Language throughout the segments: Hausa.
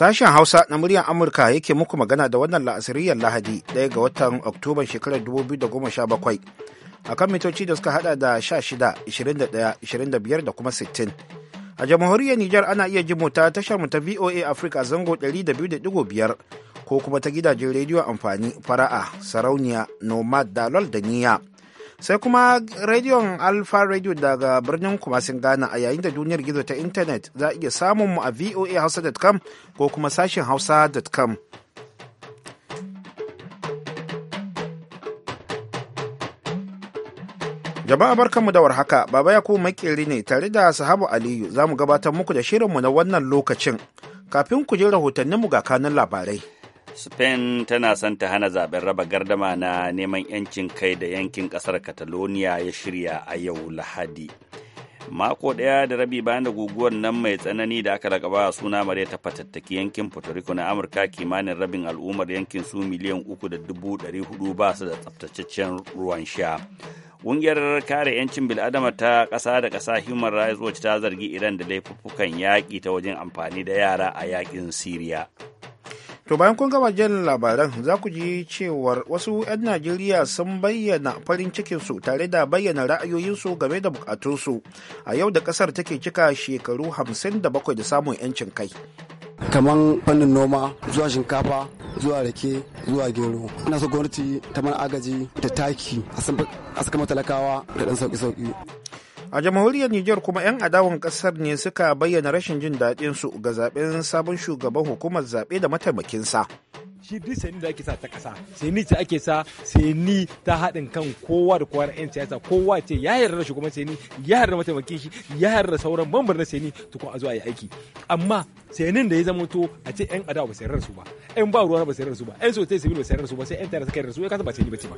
Sashen Hausa na muryar Amurka yake muku magana da wannan la'asiriyar Lahadi ɗaya ga watan Oktoban shekarar 2017 a kan mitoci da suka hada da 16, 21, 25 da kuma 60. A jamhuriyar Nijar ana iya ji mota tashar mu ta VOA Africa zango 200.5 ko kuma ta gidajen rediyo amfani fara'a, sarauniya, nomad, dalol da niyya. sai kuma rediyon alfa radio daga birnin kumasin ghana a yayin da duniyar gizo ta intanet za a iya samun mu a voahausa.com ko kuma sashen hausa.com jama'a barkanmu da warhaka baba yakubu makeri ne tare da sahabu aliyu za mu gabatar muku da shirinmu na wannan lokacin kafin ku je rahotanninmu ga kanun labarai Spain tana son ta hana zaben raba gardama na neman 'yancin kai da yankin ƙasar Catalonia ya shirya a yau Lahadi. Mako ɗaya da rabi bayan da guguwar nan mai tsanani da aka lakaba suna mare ta fatattaki yankin Puerto Rico na Amurka kimanin rabin al'ummar yankin su miliyan uku da dubu ɗari hudu ba su da tsaftataccen ruwan sha. Ƙungiyar kare 'yancin bil'adama ta ƙasa da ƙasa Human Rights Watch ta zargi Iran da laifuffukan yaƙi ta wajen amfani da yara a yaƙin Siriya. To bayan kun gama jin labaran za ku ji cewar wasu 'yan Najeriya sun bayyana farin cikinsu tare da bayyana ra'ayoyinsu game da bukatunsu a yau da kasar take cika shekaru 57 da samun 'yancin kai. Kaman fannin noma zuwa shinkafa zuwa rake zuwa gero ina so gwamnati ta mana agaji da taki a saka talakawa da ɗan sauki sauƙi a jamhuriyar Nijar kuma 'yan adawan kasar ne suka bayyana rashin jin daɗinsu ga zaɓen sabon shugaban hukumar zaɓe da mataimakinsa. sa shi duk sani da ake sa ta kasa sani ce ake sa sani ta haɗin kan kowa da kowa na 'yan siyasa kowa ce ya yarda da shugaban sani ya yarda mataimakin shi ya yarda da sauran bambar na sani tukun a zuwa yi aiki amma sanin da ya zama to a ce 'yan adawa ba su yarda su ba 'yan ba ruwa ba su yarda su ba 'yan sosai sai ba su yarda su ba sai 'yan tare suka yarda su ya kasa ba sani ba ce ba.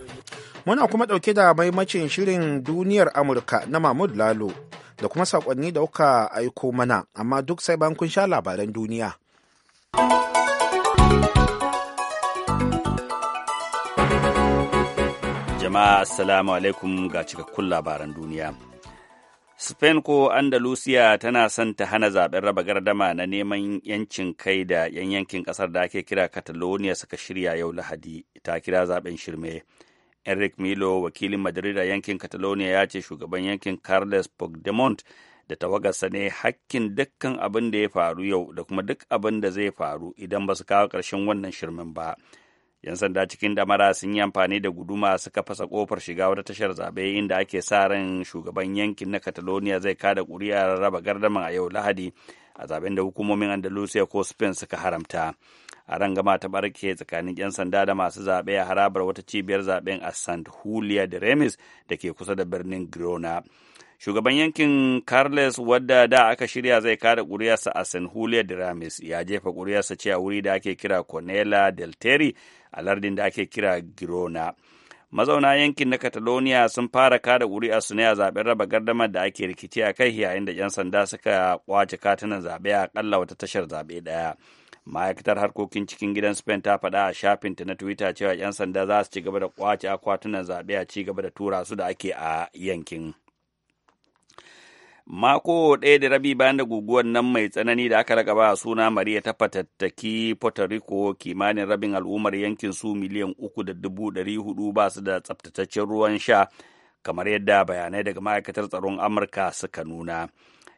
muna kuma ɗauke da maimacin shirin duniyar amurka na mahmud lalo da kuma saƙonni da kuka aiko mana amma duk sai bankun kun sha labaran duniya. jama'a assalamu alaikum ga cikakkun labaran duniya spain ko andalusia tana son ta hana zaben raba gardama na neman yancin kai da yan yankin kasar da ake kira catalonia suka shirya yau lahadi ta kira zaben shirme enric milo wakilin madrid a yankin catalonia ya ce shugaban yankin carles puigdemont da tawagarsa ne hakkin dukkan abin da ya faru yau da kuma duk abin da zai faru idan ba su kawo ƙarshen wannan shirmin ba. 'Yan sanda cikin damara sun yi amfani da guduma suka fasa kofar shiga wata tashar zaɓe inda ake sa ran shugaban yankin na Catalonia zai kada ƙuri'ar raba gardama a yau Lahadi a zaben da hukumomin Andalusia ko Spain suka haramta. A rangama ta barke tsakanin 'yan sanda da masu zaɓe a harabar wata cibiyar zaɓen a Sant Julia de Remis da ke kusa da birnin Girona. Shugaban yankin Carles wadda da aka shirya zai kada kuriyarsa a San Julio de Ramis ya jefa kuriyarsa ce a wuri da ake kira Conela del terry a lardin da ake kira Girona. mazauna yankin na catalonia sun fara kada su ne a zaben raba gardamar da ake rikici a kai yayin da 'yan sanda suka kwace katunan zaɓe a ƙalla wata tashar zaɓe ɗaya ma'aikatar harkokin cikin gidan spain ta faɗa a shafin ta na twitter cewa 'yan sanda za su ci gaba da kwace akwatunan zaɓe a ci gaba da tura su da ake a yankin mako ɗaya da rabi bayan da guguwar nan mai tsanani da aka ba suna Maria ta fatattaki Puerto Rico kimanin rabin al'ummar yankin su miliyan uku da dubu ɗari hudu ba su da tsaftataccen ruwan sha kamar yadda bayanai daga ma'aikatar tsaron Amurka suka nuna.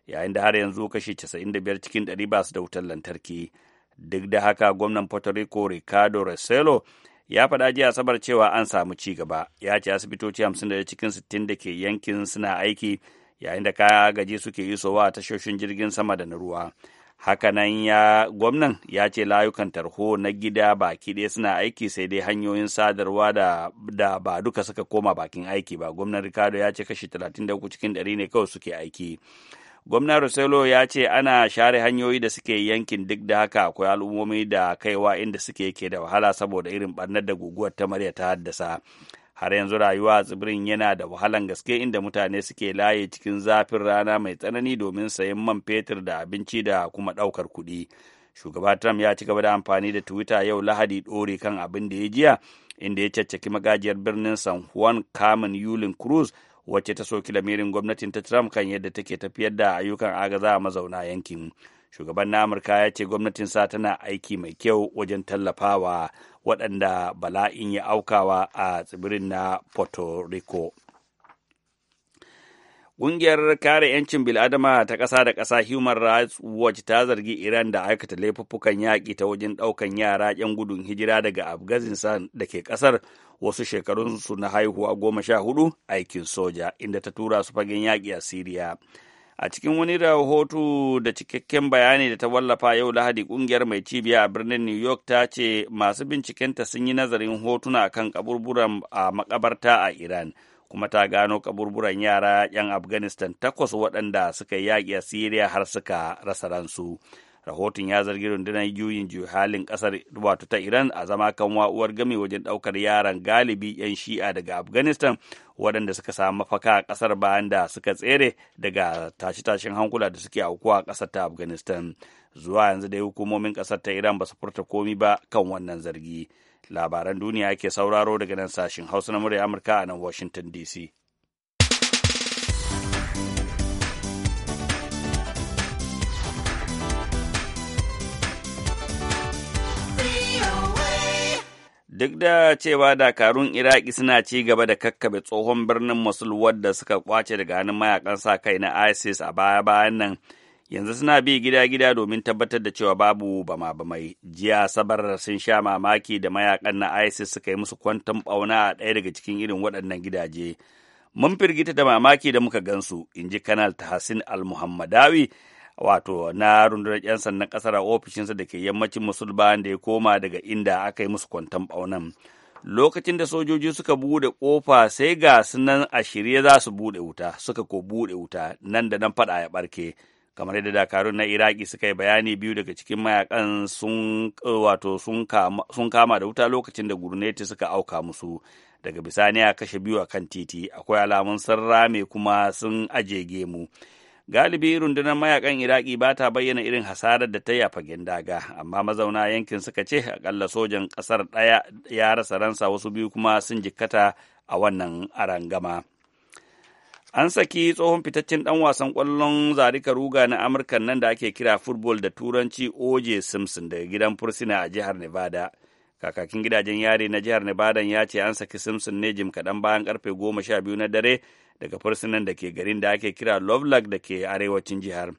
Yayin da har yanzu kashi casa'in da biyar cikin ɗari ba su da wutar lantarki. Duk da haka gwamnan Puerto Rico Ricardo Rossello ya faɗa jiya asabar cewa an samu ci gaba ya ce asibitoci hamsin da cikin sittin da ke yankin suna aiki yayin da kaya gaji suke isowa a tashoshin jirgin sama da na ruwa hakanan ya gwamnan ya ce layukan tarho na gida baki ɗaya suna aiki sai dai hanyoyin sadarwa da, da ba duka suka koma bakin aiki ba gwamnan ricardo ya ce kashi 33 cikin 100 ne kawai suke aiki gwamnan roselo ya ce ana share hanyoyi da suke yankin duk da haka akwai al'ummomi da kaiwa inda suke ke da wahala saboda irin barnar da guguwar ta marya ta haddasa har yanzu rayuwa a tsibirin yana da wahalan gaske inda mutane suke laye cikin zafin rana mai tsanani domin sayan man fetur da abinci da kuma ɗaukar kuɗi shugaba trump ya ci gaba da amfani da twitter yau lahadi ɗore kan abin da ya jiya inda ya caccaki magajiyar birnin san juan carmen yulin cruz wacce ta soki lamirin gwamnatin ta trump kan yadda take tafiyar da ayyukan agaza a mazauna yankin shugaban na amurka ya ce gwamnatin sa tana aiki mai kyau wajen tallafawa waɗanda bala'in ya aukawa a tsibirin na puerto rico Ƙungiyar kare 'yancin bil'adama ta ƙasa da ƙasa Human Rights Watch ta zargi Iran da aikata laifuffukan yaƙi ta wajen ɗaukan yara 'yan gudun hijira daga Afghanistan da ke ƙasar wasu shekarunsu na haihuwa goma sha hudu aikin soja, inda ta tura su fagen yaƙi a Siriya. a cikin wani rahoto da cikakken bayani da ta wallafa yau lahadi kungiyar mai cibiya a birnin new york ta ce masu bincikenta sun yi nazarin hotuna kan kaburburan a makabarta a iran kuma ta gano kaburburan yara 'yan afghanistan takwas waɗanda suka yaƙi a siriya har suka rasa ransu rahoton ya zargi rundunar juyin halin kasar wato ta iran a zama kan wa'uwar game wajen daukar yaran galibi 'yan shi'a daga afghanistan waɗanda suka samu mafaka a ƙasar bayan da suka tsere daga tashe-tashen hankula da suke aukuwa a ƙasar ta afghanistan zuwa yanzu dai hukumomin ƙasar ta iran ba su furta komi ba kan wannan zargi labaran duniya ke sauraro daga nan sashen hausa na murya amurka a nan washington dc duk da cewa dakarun iraki suna ci gaba da kakkabe tsohon birnin mosul wadda suka kwace daga hannun mayakan sa kai na isis a baya bayan nan yanzu suna bi gida-gida domin tabbatar da cewa babu bama mai jiya sabar sun sha mamaki da mayakan na isis suka yi musu kwantan bauna a ɗaya daga cikin irin waɗannan gidaje mun firgita da mamaki da muka gansu in ji kanal tahsin al-muhammadawi wato na rundunar 'yan sannan kasar a ofishinsa da ke yammacin musul bayan da ya koma daga inda aka yi musu kwantan ɓaunan lokacin da sojoji suka bude kofa sai ga sunan a shirye za su bude wuta suka ko bude wuta nan da nan faɗa ya barke kamar yadda dakarun na iraki suka yi bayani biyu daga cikin mayakan sun wato sun kama da wuta lokacin da gurneti suka auka musu daga bisani a kashe biyu a kan titi akwai alamun sun rame kuma sun aje gemu. galibi rundunar mayakan iraki ba ta bayyana irin hasarar da ta yi a fagen daga amma mazauna yankin suka ce akalla sojan ƙasar ɗaya ya rasa ransa wasu biyu kuma sun jikkata a wannan arangama an saki tsohon fitaccen ɗan wasan kwallon zarika ruga na amurka nan da ake kira football da turanci oj simpson daga gidan fursuna a jihar nevada kakakin gidajen yari na jihar nevada ya ce an saki simpson ne jim kaɗan bayan karfe goma sha biyu na dare daga fursunan da ke garin da ake kira Lovelock da ke arewacin jihar.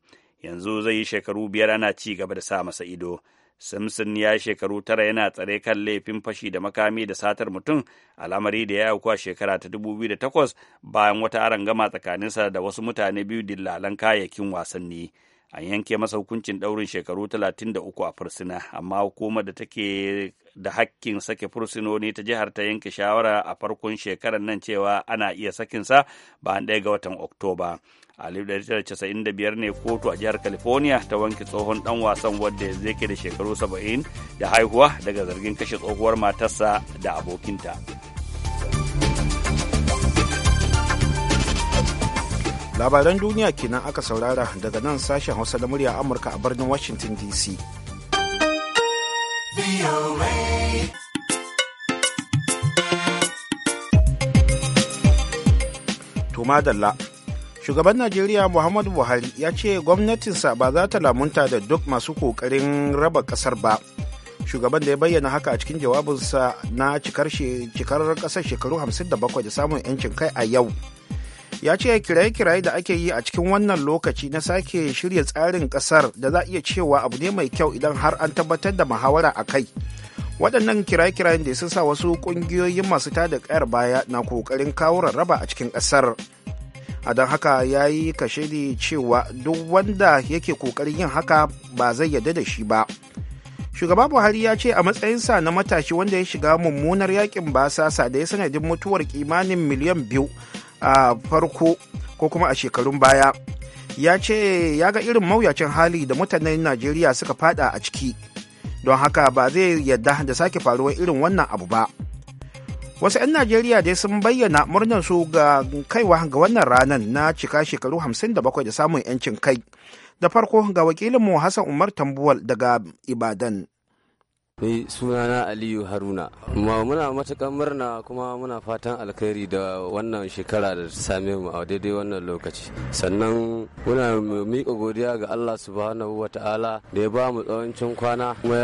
Yanzu zai yi shekaru biyar ana ci gaba da sa masa ido. Simpson ya shekaru tara yana tsare kan laifin fashi da makami da satar mutum al'amari da ya aukuwa shekara ta da takwas, bayan wata arangama tsakaninsa da wasu mutane biyu dillalan kayayyakin wasanni. an yanke masa hukuncin ɗaurin shekaru 33 a fursuna amma hukumar da take da hakkin sake fursunoni ta jihar ta yanke shawara a farkon shekarar nan cewa ana iya sakinsa ba ɗaya ga watan oktoba a 1995 ne kotu a jihar california ta wanke tsohon dan wasan wadda zai ke da shekaru 70 da haihuwa daga zargin kashe tsohuwar matarsa da abokinta. labaran duniya kenan aka saurara daga nan sashen hausa da murya amurka a birnin washington dc madalla shugaban najeriya muhammadu buhari ya ce gwamnatinsa ba za ta lamunta da duk masu kokarin raba kasar ba shugaban da ya bayyana haka a cikin jawabinsa na cikar kasar shekaru 57 da samun 'yancin kai a yau ya ce kiraye-kiraye da ake yi a cikin wannan lokaci na sake shirya tsarin kasar da za a iya cewa abu ne mai kyau idan har an tabbatar da muhawara a kai waɗannan kiraye-kirayen da sun sa wasu ƙungiyoyin masu tada ƙayar baya na ƙoƙarin kawo rarraba a cikin ƙasar a don haka ya yi kashedi cewa duk wanda yake ƙoƙarin yin haka ba zai yarda da shi ba shugaba buhari ya ce a matsayinsa na matashi wanda ya shiga mummunar yakin basasa da ya sanadin mutuwar kimanin miliyan biyu a farko ko kuma a shekarun baya ya ce ya ga irin mawuyacin hali da mutanen najeriya suka fada a ciki don haka ba zai yadda da sake faruwar irin wannan abu ba wasu 'yan najeriya dai sun bayyana murnarsu ga kaiwa ga wannan ranar na cika shekaru 57 da samun 'yancin kai da farko ga wakilinmu hassan umar tambuwal daga ibadan Ni sunana Aliyu Haruna. Ma muna matakan murna kuma muna fatan alkhairi da wannan shekara da same mu a daidai wannan lokaci. Sannan muna miƙa godiya ga Allah subhanahu wa ta'ala da ya ba mu tsawancin kwana kuma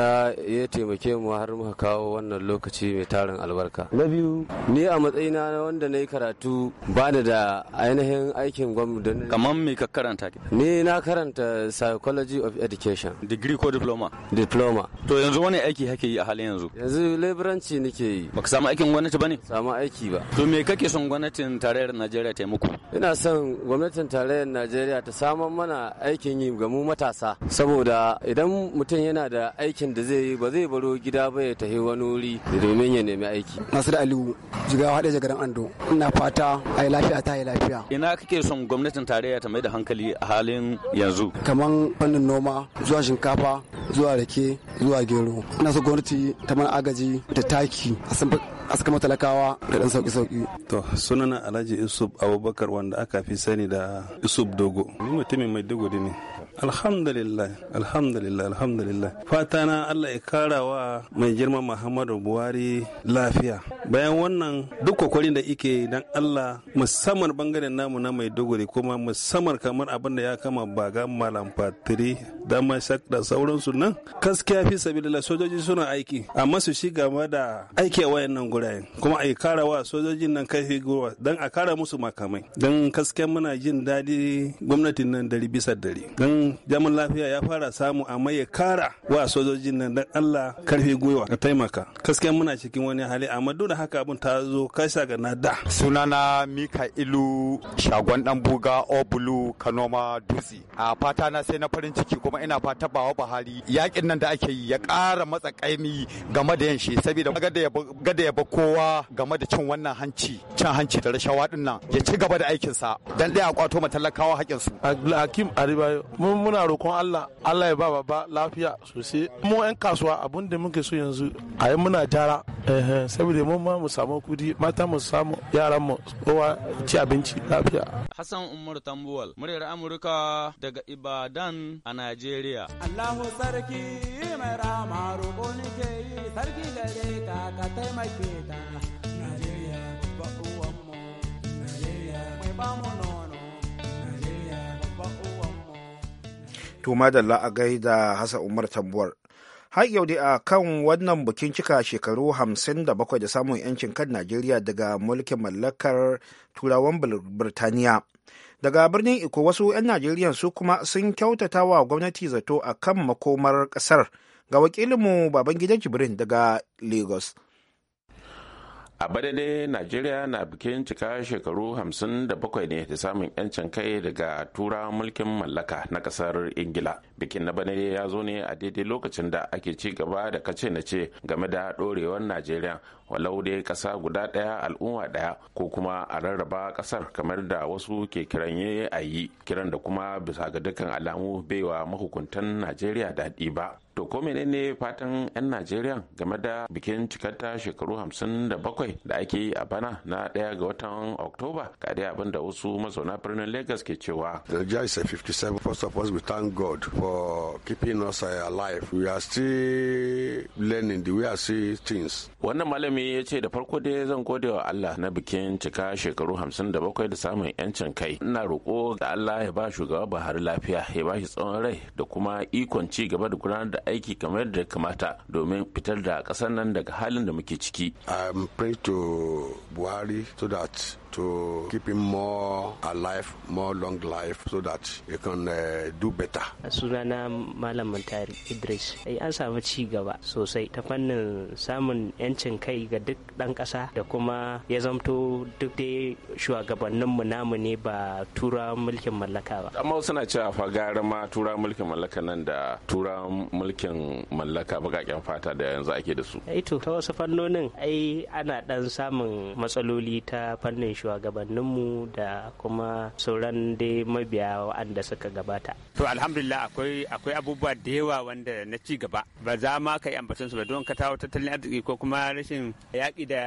ya taimake mu har muka kawo wannan lokaci mai tarin albarka. Na biyu ni a matsayina na wanda na yi karatu ba da ainihin aikin gwamnati. Kamar me ka karanta? Ni na karanta psychology of education. Degree ko diploma? Diploma. To yanzu wani aiki aiki kake yi a halin yanzu yanzu leburanci nake yi baka samu aikin gwamnati bane samu aiki ba to me kake son gwamnatin tarayyar Najeriya ta yi muku ina son gwamnatin tarayyar Najeriya ta samar mana aikin yi ga mu matasa saboda idan mutum yana da aikin da zai yi ba zai baro gida ba ya tafi wani wuri domin ya nemi aiki Nasir Aliyu jigawa hade jagaran Ando ina fata ai lafiya ta yi lafiya ina kake son gwamnatin tarayya ta mai da hankali a halin yanzu kaman fannin noma zuwa shinkafa zuwa rake zuwa gero ina muna gwamnati ta mana agaji da taki a saka matalakawa da dan sauki sauki to sunana alhaji yusuf abubakar wanda aka fi sani da yusuf dogo ni mutumin mai dogo ne Alhamdulillah, alhamdulillah, alhamdulillah. Fata na Allah ya kara wa mai girma Muhammadu Buhari lafiya. Bayan wannan duk kwakwarin da ike dan Allah musamman bangaren namu na Maiduguri kuma musamman kamar abin da ya kama baga malam fatiri da mashak da sauransu nan gaskiya fi sabilillah sojoji suna aiki amma su shi gama da aiki a wayannan gurayen kuma a kara wa sojojin nan kai gurwa dan a kara musu makamai dan gaskiya muna jin daɗi gwamnatin nan dari bisa dari dan wannan jamin lafiya ya fara samu amma ya kara wa sojojin nan dan Allah karfi gwiwa ka taimaka gaskiya muna cikin wani hali amma duk da haka abin ta zo kasha ga nada sunana mika ilu shagon dan buga obulu kanoma dutse a fata na sai na farin ciki kuma ina fata bawa bahari yakin nan da ake yi ya kara matsa kaimi game da yanshi saboda gada ya ba kowa game da cin wannan hanci cin hanci da rashawa din ya ci gaba da aikin sa dan dai a kwato matalakawa hakinsu hakim aribayo mu mun muna roƙon Allah Allah ya ba baba lafiya sosai mu yan kasuwa abun da muke so yanzu a yi muna jara saboda mun ma mu samu kudi mata mu samu yaran mu kowa ci abinci lafiya Hassan Umar Tambuwal muryar Amurka daga Ibadan a Najeriya Allahu sarki mai rama roƙo ke yi sarki da reka ka taimake ta to madalla a gaida hassan umar tambuwar har yau dai a kan wannan bikin cika shekaru 57 da samun yancin kan najeriya daga mulkin mallakar turawan birtaniya daga birnin iko wasu 'yan najeriya su kuma sun kyautata wa gwamnati zato a kan makomar kasar ga wakilinmu baban gidan jibrin daga lagos a badade najeriya na bikin cika shekaru 57 ne da samun yancin kai daga tura mulkin mallaka na kasar ingila bikin na badade ya zo ne a daidai lokacin da ake ci gaba da kace na ce game da dorewar najeriya walau dai kasa guda daya al'umma daya ko kuma a rarraba kasar kamar da wasu ke kiran yi a yi kiran da kuma bisa ga dukkan alamu baiwa mahukuntan najeriya daɗi ba To ko ne fatan 'yan Najeriya game da bikin cikarta shekaru 57 da ake yi a bana na ɗaya ga watan Oktoba ga dai abin da wasu mazauna birnin Lagos ke cewa. The year is 57. First of all, we thank God for keeping us alive. We are still learning the way I see things. Wannan malami ya ce da farko dai zan gode wa Allah na bikin cika shekaru 57 da samun 'yancin kai. Ina roƙo da Allah ya ba shugaba Buhari lafiya, ya ba shi tsawon rai da kuma ikon ci gaba da gudanar da aiki kamar yadda kamata domin fitar da ƙasar nan daga halin da muke ciki. i am pray to Buhari so that to keep him more alive, more long life so that he can uh, do better. Sunana Malam Mantari Idris. Eh, an samu ci gaba sosai ta fannin samun 'yancin kai ga duk ɗan ƙasa da kuma ya zamto duk dai shugabanninmu namu ne ba tura mulkin mallaka ba. Amma suna cewa fa gara ma tura mulkin mallaka nan da tura mulkin mallaka baƙaƙen fata da yanzu ake da su. Ito eh ta wasu fannonin ai ana ɗan samun matsaloli ta fannin shugabanninmu da kuma sauran dai mabiya wa'anda suka gabata. To alhamdulillah akwai akwai abubuwa da yawa wanda na ci gaba ba za ma ka yi ambaton su ba don ka tawo tattalin arziki ko kuma rashin yaƙi da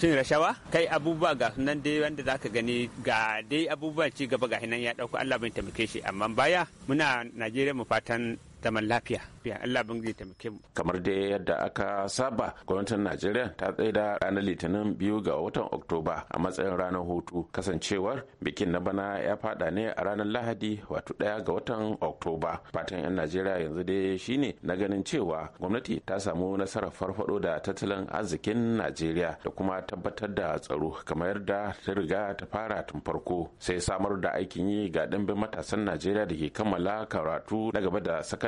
cin rashawa kai abubuwa ga nan dai wanda za ka gani ga dai abubuwa ci gaba ga hinan ya dauko Allah bai taimake shi amma baya muna Najeriya mu fatan zaman lafiya Allah bin zai taimake mu kamar dai yadda aka saba gwamnatin Najeriya ta tsaida ranar litinin biyu ga watan Oktoba a matsayin ranar hutu kasancewar bikin na bana ya fada ne a ranar Lahadi wato daya ga watan Oktoba fatan yan Najeriya yanzu dai shine na ganin cewa gwamnati ta samu nasarar farfado da tattalin arzikin Najeriya da kuma tabbatar da tsaro kamar yadda ta riga ta fara tun farko sai samar da aikin yi ga dimbin matasan Najeriya da ke kammala karatu na gaba da saka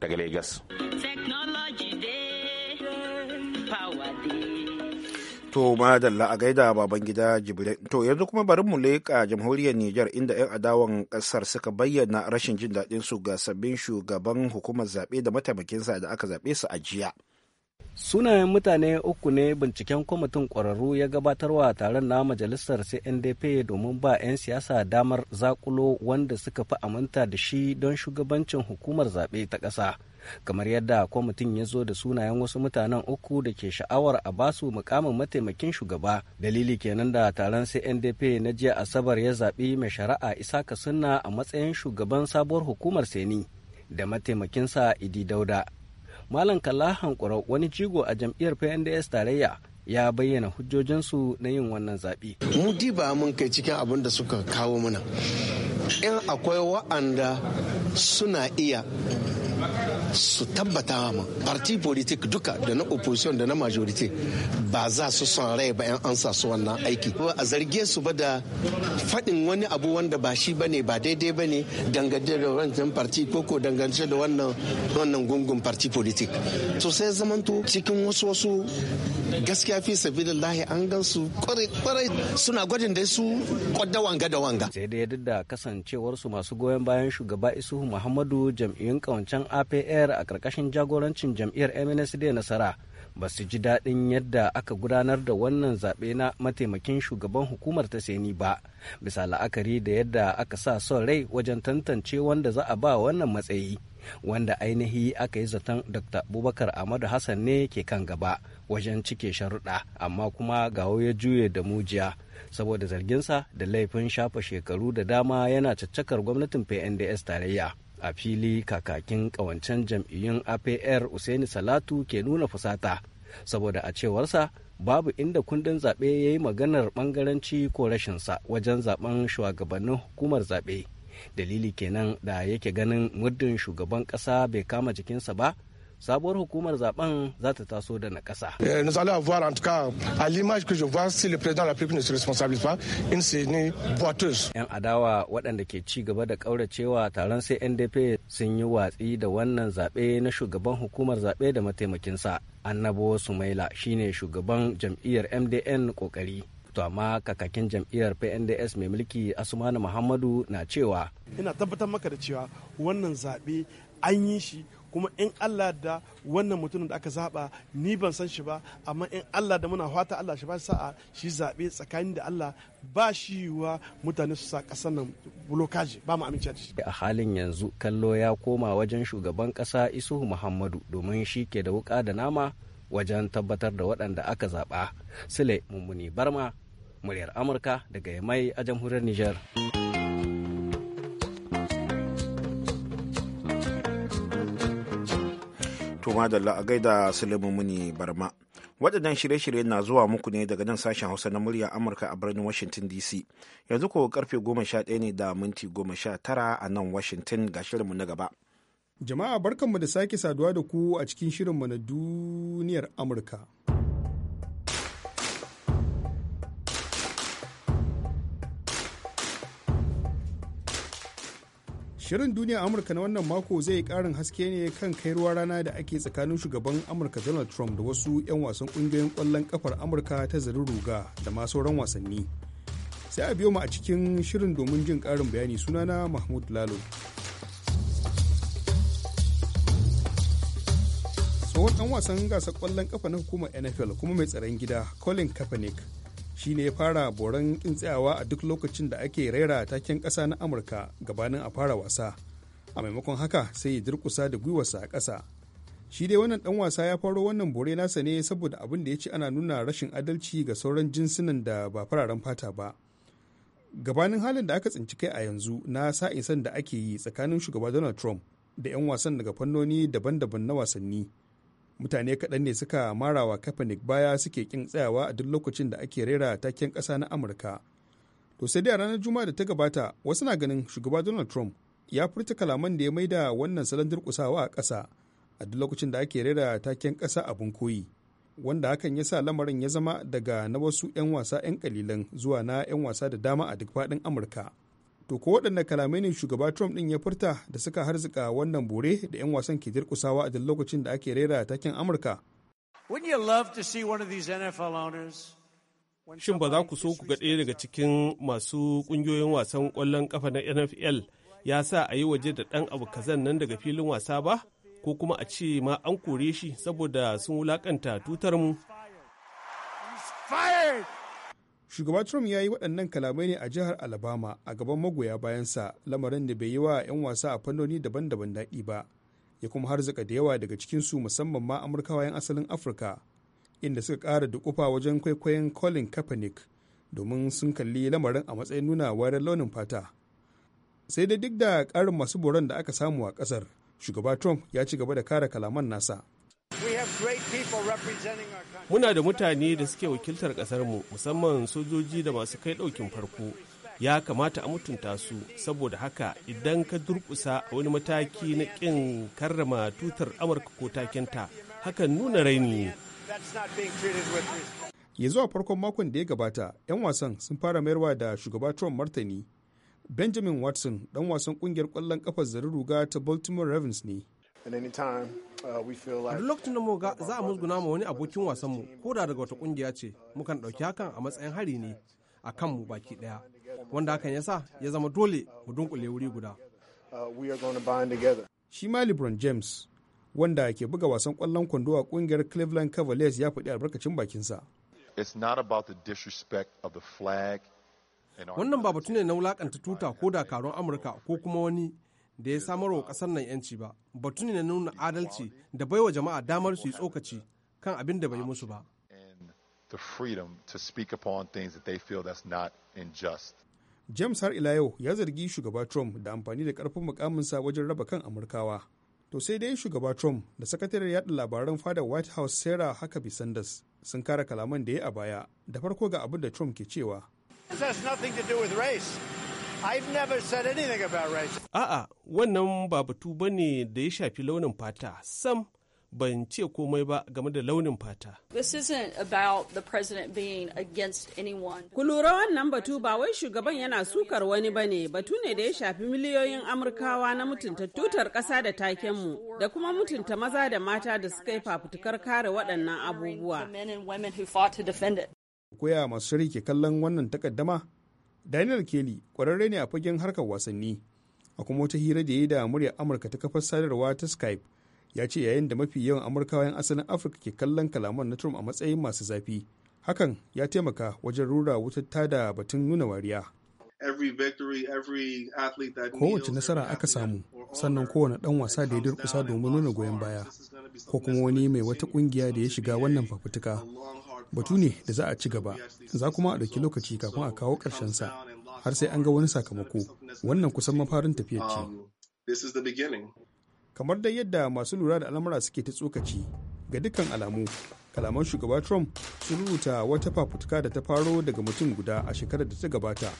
daga Legas. To madalla a gaida baban gida Jibril. To yanzu kuma bari mu leƙa jamhuriyar Nijar inda 'yan adawan ƙasar suka bayyana rashin jin daɗin su ga sabbin shugaban hukumar zaɓe da mataimakinsa da aka zaɓe su a jiya. Sunayen mutane uku ne binciken kwamitin ƙwararru ya gabatarwa taron na majalisar CNDP domin ba 'yan siyasa damar zakulo wanda suka fi aminta da shi don shugabancin hukumar zaɓe ta ƙasa. Kamar yadda kwamitin ya zo da sunayen wasu mutanen uku da ke sha'awar a basu mukamin mataimakin shugaba. Dalili kenan da taron CNDP na jiya Asabar ya zaɓi mai shari'a Isaka Sunna a matsayin shugaban sabuwar hukumar Seni da mataimakinsa Idi Dauda. Malam Kallahan Hankura wani jigo a jam'iyyar PNDS tarayya ya bayyana hujjojinsu na yin wannan zaɓe. mu diba mun kai cikin abin da suka kawo mana in akwai wa'anda suna iya su tabbata ma parti politik duka da na opposition da na majority ba za su son rai ba 'yan ansa su wannan aiki a zarge su ba da faɗin wani abu wanda ba shi ba ne ba daidai ba ne dangance da wancan parti ko dangance da wannan gungun parti politik so sai zamanto cikin wasu wasu gaskiya gaskiya fi lahi an gan su kwarai suna gwajin da su kwadda wanga da wanga sai dai duk da kasancewar su masu goyon bayan shugaba isuhu muhammadu jam'iyyun kawancen apr a karkashin jagorancin jam'iyyar mnsd nasara ba su ji daɗin yadda aka gudanar da wannan zaɓe na mataimakin shugaban hukumar ta seni ba bisa la'akari da yadda aka sa son rai wajen tantance wanda za a ba wannan matsayi wanda ainihi aka yi zaton dr abubakar ahmadu hassan ne ke kan gaba wajen cike sharuɗa amma kuma gawo ya juye da mujiya saboda zarginsa da laifin shafa shekaru da dama yana caccakar gwamnatin pnds tarayya a fili kakakin kawancen jam'iyyun apr usaini salatu ke nuna fusata saboda a cewarsa babu inda kundin zaɓe ya yi maganar ɓangaranci ko rashinsa wajen zaɓen shugabannin hukumar zaɓe dalili kenan da yake ganin muddin shugaban kasa bai kama jikinsa ba sabuwar hukumar zaben za ta taso da na kasa. Eh, nous allons avoir en tout cas à l'image que je vois si le président de la République ne se responsabilise pas une série boiteuse. Yan adawa waɗanda ke ci gaba da ƙauracewa taron sai NDP sun yi watsi da wannan zaɓe na shugaban hukumar zaɓe da mataimakinsa. Annabo Sumaila shine shugaban jam'iyyar MDN ƙoƙari. to amma kakakin jam'iyyar pnds mai mulki asumani muhammadu na cewa ina tabbatar maka da cewa wannan zaɓe an yi shi kuma in allah da wannan mutumin da aka zaɓa ni ban san shi ba amma in allah da muna fata allah shi ba sa'a shi zaɓe tsakanin da allah ba shi wa mutane su sa ƙasar nan bulokaji ba mu amince da shi a halin yanzu kallo ya koma wajen shugaban ƙasa isuhu muhammadu domin shi ke da wuƙa da nama wajen tabbatar da waɗanda aka zaɓa sule mummuni barma muryar amurka daga yamai a jamhuriyar niger tuma da la'agai da muni barma waɗannan shirye shiryen na zuwa muku ne daga nan sashen hausa na murya amurka a birnin washington dc yanzu ko karfe 11 ne da minti 19 a nan washington ga shirinmu na gaba jama'a barkanmu da sake saduwa da ku a cikin shirinmu na duniyar amurka Shirin duniya Amurka na wannan mako zai yi karin haske ne kan kai ruwa rana da ake tsakanin shugaban Amurka Donald Trump da wasu 'yan wasan kungiyoyin kwallon kafar Amurka ta zarin ruga da ma sauran wasanni. Sai a biyo mu a cikin shirin domin jin ƙarin bayani sunana Mahmud Lalo. Tsohon ɗan wasan gasar ƙwallon kafa na hukumar NFL kuma mai tsaron gida Colin Kaepernick shine ya fara boran kin tsayawa a duk lokacin da ake raira taken ƙasa na amurka gabanin a fara wasa a maimakon haka sai ya durkusa da gwiwarsa a ƙasa shi dai wannan dan wasa ya faro wannan bore nasa ne saboda abin da ya ce ana nuna rashin adalci ga sauran jinsunan da ba fararen fata ba gabanin halin da aka tsinci kai a yanzu na sa'in san da ake yi tsakanin shugaba donald trump da 'yan wasan daga fannoni daban-daban na wasanni mutane kaɗan ne suka mara wa kaepernick baya suke kin tsayawa a duk lokacin da ake rera taken ƙasa na amurka to sai dai a ranar juma'a da ta gabata wasu na ganin shugaba donald trump ya furta kalaman da ya maida wannan salon durƙusawa a ƙasa a duk lokacin da ake rera taken ƙasa abin koyi wanda hakan ya sa lamarin ya zama daga na wasu 'yan wasa 'yan kalilan zuwa na 'yan wasa da dama a duk faɗin amurka to ko waɗanne kalamai ne shugaba trump ɗin ya furta da suka harzika wannan bore da 'yan wasan ke durkusawa a duk lokacin da ake rera takin amurka shin ba za ku so ku ga ɗaya daga cikin masu ƙungiyoyin wasan ƙwallon ƙafa na nfl ya sa a yi waje da ɗan abu kazan nan daga filin wasa ba ko kuma a ce ma an kore shi saboda sun wulaƙanta tutar mu. shugaba trump ya yi waɗannan kalamai ne a jihar alabama a gaban magoya bayansa lamarin da bai yi wa 'yan wasa a fannoni daban-daban daɗi ba ya kuma harzika da yawa daga cikin su musamman ma amurkawa 'yan asalin afirka inda suka ƙara dukufa wajen kwaikwayon colin kaepernick domin sun kalli lamarin a matsayin nuna wayar launin fata sai dai duk da karin masu boron da aka samu a ƙasar shugaba trump ya ci gaba da kara kalaman nasa Muna da mutane da suke wakiltar ƙasarmu musamman sojoji da masu kai ɗaukin farko. Ya kamata a mutunta su saboda haka idan ka durƙusa a wani mataki na ƙin karrama tutar Amurka ko takinta hakan nuna raini. Ya zuwa farkon makon da ya gabata, 'yan wasan sun fara mayarwa da shugaba Trump martani. Benjamin Watson, dan wasan kungiyar kwallon kafa zari ruga ta Baltimore Ravens ne. Uh, lokacin da muka za a musguna ma wani abokin wasanmu ko da daga wata kungiya ce, mukan ɗauki hakan a matsayin hari ne a kanmu baki ɗaya, wanda hakan ya sa ya zama dole mu dunkule wuri guda. Uh, Shi ma LeBron James, wanda ke buga wasan ƙwallon kwando a ƙungiyar Cleveland Cavaliers ya faɗi albarkacin bakinsa. Wannan ba batu ne na wulakanta tuta ko dakarun Amurka ko kuma wani da ya samar wa kasar nan 'yanci ba batu ne na nuna adalci da bai wa jama'a damar su yi tsokaci kan abin da bai musu ba james har ila yau ya zargi shugaba trump da amfani da karfin mukaminsa wajen raba kan amurkawa to sai dai shugaba trump da sakataren yada labaran fadar white house sarah huckabee sanders sun kara kalaman da ya a baya da farko ga abin da trump ke cewa This has nothing to A'a, wannan ba batu ba ne da ya shafi launin fata sam ban ce komai ba game da launin fata. This isn't about the president being against anyone. Ku lura wannan batu ba wai shugaban yana sukar wani ba ne batu ne da ya shafi miliyoyin Amurkawa na mutunta tutar ƙasa da takenmu da kuma mutunta maza da mata da suka yi fafutukar kare waɗannan abubuwa. Koya masu rike kallon wannan takaddama daniel kelly kwararre ne a fagen harkar wasanni a kuma wata hira da ya yi da murya amurka ta kafar sadarwa ta skype ya ce yayin da mafi yawan amurkawa asalin afirka ke kallon kalaman na trump a matsayin masu zafi hakan ya taimaka wajen rura wutar da batun nuna wariya kowace nasara aka samu sannan kowane dan wasa da ya durkusa domin nuna goyon baya ko kuma wani mai wata kungiya da ya shiga wannan fafutuka batu ne da za a ci gaba za kuma a ɗauki lokaci kafin a kawo sa har sai an ga wani sakamako wannan kusan mafarin tafiyar ce kamar dai yadda masu lura da al'amura suke ta tsokaci ga dukkan alamu kalaman shugaba trump sun rubuta wata fafutuka da ta faro daga mutum guda a shekarar da ta gabata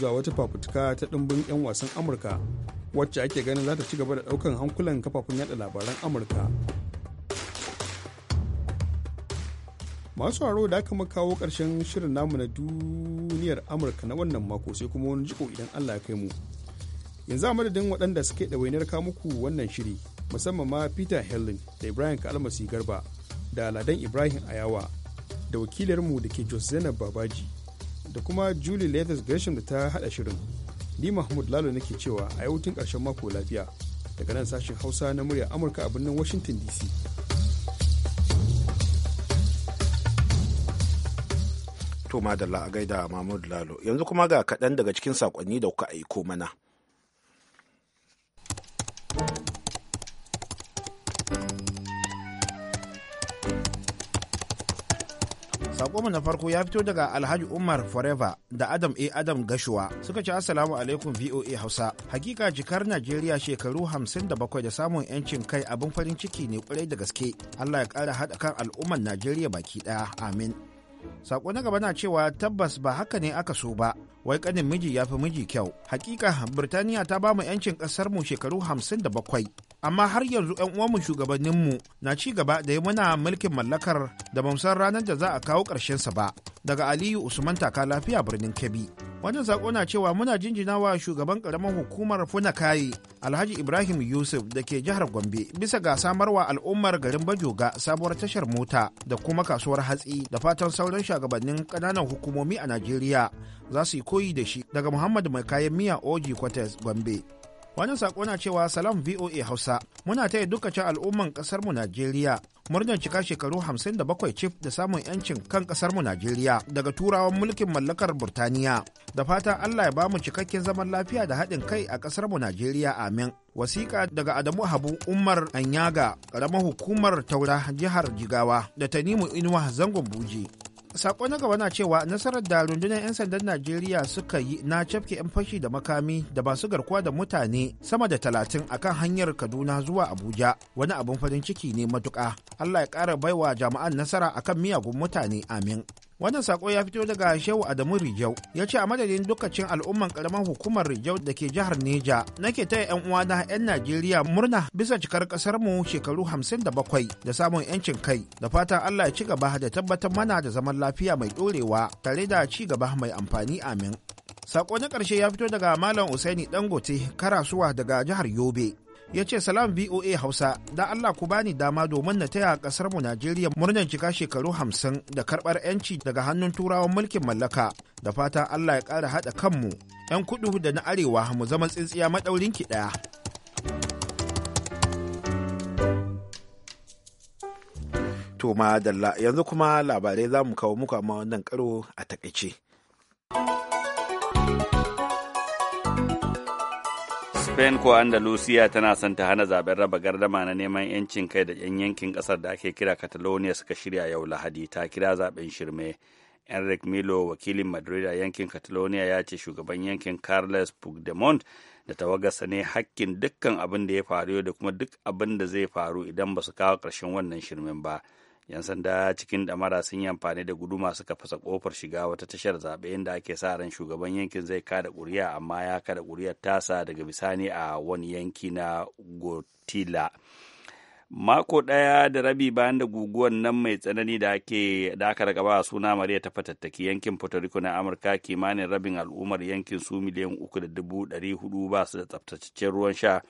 zuwa wata fafutuka ta ɗimbin 'yan wasan amurka wacce ake ganin za ta ci gaba da ɗaukan hankulan kafafun yada labaran amurka masu haro da aka makawo ƙarshen shirin namu na duniyar amurka na wannan mako sai kuma wani jiko idan allah ya kai mu yanzu a madadin waɗanda suke wainar ka muku wannan shiri musamman ma peter helen da ibrahim kalmasi garba da al'adan ibrahim ayawa da wakilarmu da ke jos zainab babaji da kuma julie leathers gresham da ta haɗa shirin ni mahmud lalo nake cewa a yau tun ƙarshen mako lafiya daga nan sashen hausa na murya amurka a birnin washington dc To madalla a gaida Mahmud Lalo. Yanzu kuma ga kaɗan daga cikin saƙonni da kuka aiko mana. saƙonmu na farko ya fito daga Alhaji Umar Forever da Adam A. Adam Gashuwa suka ci Assalamu alaikum VOA Hausa. Hakika jikar Najeriya shekaru 57 da samun 'yancin kai abin farin ciki ne kwarai da gaske. Allah ya ƙara haɗa kan al'ummar Najeriya baki ɗaya. Amin. Sako na gaba na cewa tabbas ba haka ne aka so ba, wai kanin miji ya fi miji kyau. Hakika Birtaniya ta ba mu 'yancin mu shekaru hamsin da bakwai amma har yanzu 'yan uwanmu mu na ci gaba da yi muna mulkin mallakar da san ranar da za a kawo sa ba daga aliyu usman taka lafiya birnin kebbi wannan sako na cewa muna jinjina wa shugaban karamar hukumar funakayi alhaji ibrahim yusuf da ke jihar gombe bisa ga samarwa al'ummar garin bajoga sabuwar tashar mota da kuma kasuwar hatsi da fatan sauran shugabannin ƙananan hukumomi a najeriya za su yi koyi da shi daga muhammad mai kayan miya oji kwates gombe Wani sako na cewa salam VOA Hausa muna taya dukkan al'umman kasar Najeriya murnar cika shekaru 57 cif da samun 'yancin kan kasar Najeriya daga turawan mulkin mallakar Burtaniya. Da fatan Allah ya ba mu cikakken zaman lafiya da haɗin kai a kasar mu Najeriya amin. Wasiƙa daga Adamu Habu Umar Anyaga, ƙaramar hukumar Taura jihar Jigawa da Tanimu Inuwa zangon Buji. sako na gaba na cewa nasarar da rundunar 'yan sandan najeriya suka yi na cafke 'yan fashi da makami da masu garkuwa da mutane sama da talatin a kan hanyar kaduna zuwa abuja wani abin farin ciki ne matuka allah ya kara baiwa jama'an nasara akan miyagun mutane amin wannan sako ya fito daga shehu adamu rijau ya ce a madadin dukkanin al'umman karamar hukumar rijau da ke jihar neja nake taya yan uwana yan najeriya murna bisa cikar kasar mu shekaru hamsin da bakwai da samun yancin kai da fatan allah ya ci gaba da tabbatar mana da zaman lafiya mai dorewa tare da ci gaba mai amfani amin sako na karshe ya fito daga malam usaini dangote karasuwa daga jihar yobe ya ce salam voa hausa da allah ku bani dama domin na taya kasar mu najeriya murnar cika shekaru hamsin da karbar yanci daga hannun turawan mulkin mallaka da fata allah ya kara haɗa kanmu 'yan kudu da na arewa mu zama tsintsiya maɗaurin ki ɗaya to dalla yanzu kuma labarai za mu kawo muku amma wannan karo a takaice Spain ko andalusia tana son ta hana zaben raba gardama na neman 'yancin kai da 'yan yankin ƙasar da ake kira Catalonia suka shirya yau Lahadi ta kira zaben shirme. Enric Milo wakilin Madrid a yankin Catalonia ya ce shugaban yankin Carles Puigdemont da tawagarsa ne hakkin dukkan abin da ya faru da kuma duk abin da zai faru idan ba su kawo ƙarshen wannan shirmen ba. yan sanda cikin damara sun yi amfani da guduma suka fasa kofar shiga wata tashar zaɓe inda ake sa ran shugaban yankin zai kada ƙuri'a amma ya kada ƙuri'ar tasa daga bisani a wani yanki na gotila mako ɗaya da rabi bayan da guguwar nan mai tsanani da ake da aka ba suna Maria ta fatattaki yankin Puerto Rico na Amurka kimanin rabin al'ummar yankin su miliyan uku da dubu ɗari hudu ba su da tsaftataccen ruwan sha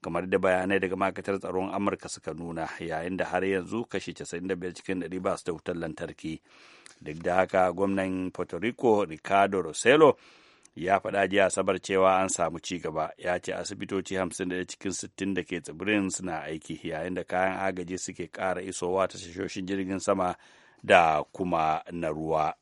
kamar da bayanai daga ma'aikatar tsaron amurka suka nuna yayin da har yanzu kashi 95 cikin 100 ba su da wutar lantarki duk da haka gwamnan puerto rico ricardo roselo ya faɗa jiya asabar cewa an samu cigaba ya ce asibitoci 51 cikin 60 da ke tsibirin suna aiki yayin da kayan agaji suke ƙara isowa ta shashoshin jirgin sama da kuma na ruwa.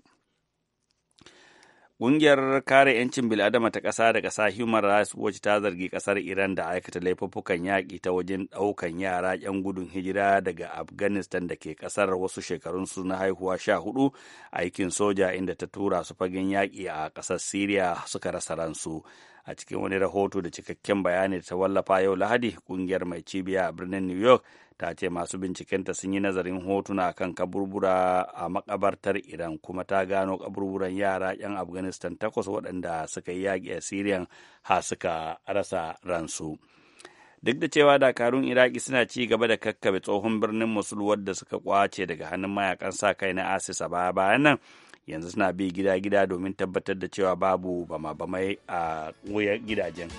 Ƙungiyar kare 'yancin bil'adama ta ƙasa da ƙasa Human Rights Watch ta zargi ƙasar Iran da aikata laifuffukan yaƙi ta wajen ɗaukan yara 'yan gudun hijira daga Afghanistan da ke ƙasar wasu shekarunsu na haihuwa sha hudu aikin soja inda ta tura su fagen yaƙi a ƙasar Siriya suka rasa ransu. a cikin wani rahoto da cikakken bayani ta wallafa yau lahadi kungiyar mai cibiya a birnin new york ta ce masu bincikenta sun yi nazarin hotuna kan kaburbura a makabartar iran kuma ta gano kaburburan yara 'yan afghanistan takwas waɗanda suka yi yaƙi a syrian ha suka rasa ransu duk da cewa dakarun iraki suna ci gaba da kakkabe tsohon birnin musul wadda suka kwace daga hannun mayakan sa kai na asis a baya bayan nan yanzu suna bi gida-gida domin tabbatar da cewa babu bama-bamai a wuyan gidajen.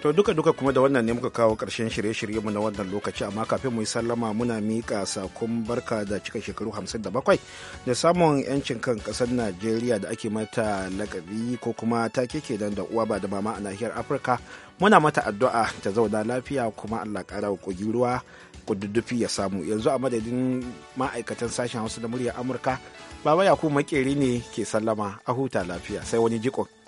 To duka-duka kuma da wannan ne muka kawo ƙarshen shirye mu na wannan lokaci amma kafin mu yi sallama muna miƙa sakon barka da cika shekaru 57 da samun 'yancin kan ƙasar Najeriya da ake mata lakabi ko kuma ta keke dan da uwa ba da mama a nahiyar Afirka muna mata addu'a ta zauna lafiya kuma Allah ƙara wa kogi ruwa kududdufi ya samu yanzu a madadin ma'aikatan sashen Hausa da muryar Amurka Baba Yakubu makeri ne ke sallama a huta lafiya sai wani jikon.